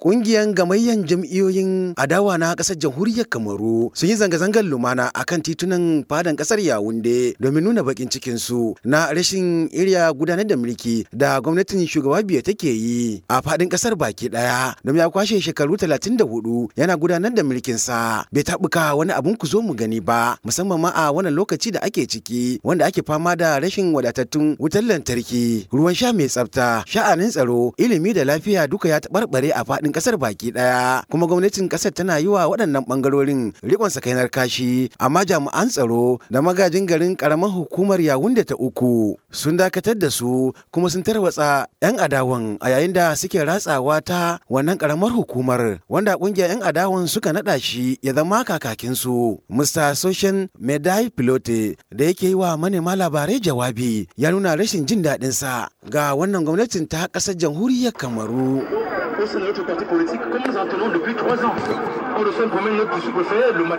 Ƙungiyar gamayyan jam'iyoyin adawa na ƙasar jamhuriyar Kamaru sun yi zanga-zangar lumana a kan titunan fadan ƙasar Yawunde domin nuna baƙin cikinsu na rashin iriya gudanar da mulki da gwamnatin shugaba biyu take yi a fadin ƙasar baki ɗaya don ya kwashe shekaru talatin da hudu yana gudanar da mulkinsa bai taɓuka wani abun ku zo mu gani ba musamman ma a wannan lokaci da ake ciki wanda ake fama da rashin wadatattun wutar lantarki ruwan sha mai tsafta sha'anin tsaro ilimi da lafiya duka ya taɓarɓare a faɗin faɗin ƙasar baki ɗaya kuma gwamnatin ƙasar tana yi wa waɗannan ɓangarorin riƙon sakainar kashi amma jami'an tsaro da magajin garin ƙaramar hukumar da ta uku sun dakatar da su kuma sun tarwatsa 'yan adawan a yayin da suke ratsawa ta wannan ƙaramar hukumar wanda ƙungiyar 'yan adawan suka naɗa shi ya zama kakakin su Mr. Soshen Medai Pilote da yake yi wa manema labarai jawabi ya nuna rashin jin daɗinsa ga wannan gwamnatin ta ƙasar jamhuriyar Kamaru.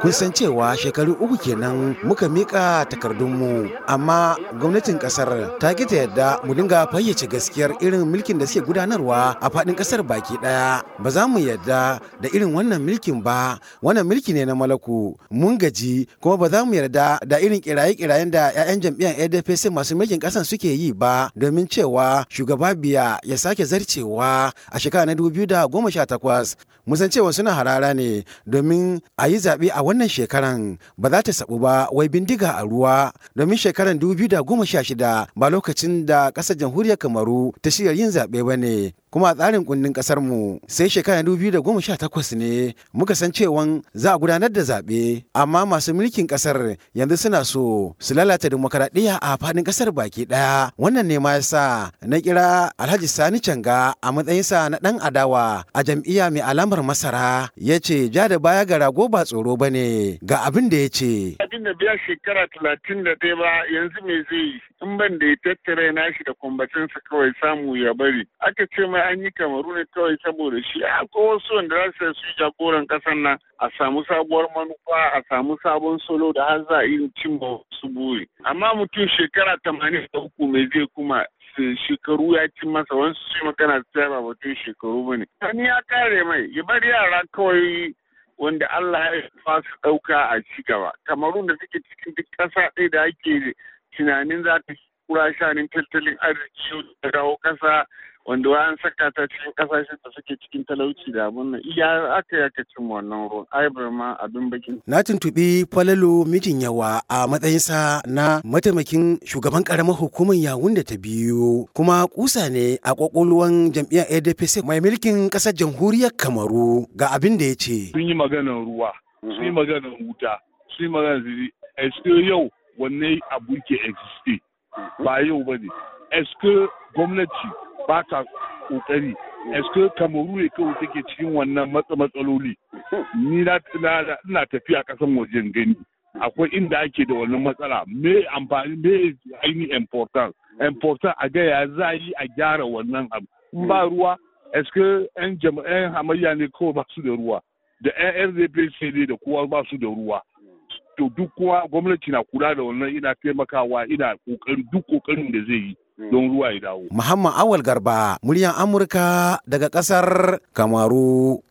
kun san cewa shekaru uku kenan muka mika takardunmu, amma gwamnatin kasar ta ki ta yadda mu dinga fayyace gaskiyar irin mulkin da suke gudanarwa a fadin kasar baki ɗaya. Ba za mu yadda da irin wannan mulkin ba, wannan mulki ne na malaku. Mun gaji kuma ba za mu yarda da irin kiraye-kirayen da 'ya'yan jam'iyyar ADPC masu mulkin ƙasar suke yi ba domin cewa shugaba biya ya sake zarcewa a shekara na 2018 musan cewa suna harara ne domin a yi zaɓe a wannan shekaran ba za ta sabu ba wai bindiga a ruwa domin shekaran 2016 ba lokacin da ƙasar jamhuriyar kamaru ta shirya yin zaɓe ba ne kuma a tsarin kundin kasar mu sai shekara 2018 ne muka san cewa za a gudanar da zaɓe amma masu mulkin kasar yanzu suna so su lalata demokaradiyya a faɗin kasar baki ɗaya wannan ne ma yasa na kira Alhaji Sani Canga a matsayin sa na ɗan adawa a jam'iyya mai alamar masara ya ce ja da baya ga rago ba tsoro bane ga abin da ya ce in da biya shekara talatin da ɗaya ba yanzu me zai yi in ban da ya tattara na shi da kwambacinsa kawai samu ya bari aka ce mai an yi kamaru ne kawai saboda shi a ko wasu wanda za su yi jagoran ƙasar nan a samu sabuwar manufa a samu sabon solo da har za a yi ba su buri amma mutum shekara tamanin da uku mai zai kuma shekaru ya ci masa wasu shi magana ta ba mutum shekaru ba ne. ya kare mai ya bar yara kawai wanda Allah ya ba su ɗauka a ci gaba. Kamarun da suke cikin duk ƙasa ɗaya da ake tunanin za ta kura shanin tattalin arziki da rawo ƙasa wanda an saka ta cikin kasashen da suke cikin talauci da abun nan iya aka yaka cin wannan ruwan aibar ma abin bakin. Na tuntuɓi Falalo mijin yawa a matsayinsa na mataimakin shugaban karamar hukumar yawun da ta biyu kuma kusa ne a kwakwalwan jam'iyyar ADPC mai mulkin ƙasar jamhuriyar Kamaru ga abin da ya ce. Sun yi maganar ruwa, sun yi mm-hmm. maganar wuta, sun yi maganar ziri. yau wanne abu ke existe mm-hmm. ba yau ba ne. Eske gwamnati ba ta kokari eske kamaru ne kawai take cikin wannan matsaloli ni na ina tafiya kasan wajen gani akwai inda ake da wannan matsala me amfani me ainihin important important a gaya ya za yi a gyara wannan abu ba ruwa eske yan yan hamayya ne kawai ba su da ruwa da yan rdp ne da kowa ba su da ruwa to duk kowa gwamnati na kula da wannan ina taimakawa ina kokari duk kokarin da zai yi hmm. don ruwa ya dawo. Muhammad Awal Garba, muryar Amurka daga kasar Kamaru.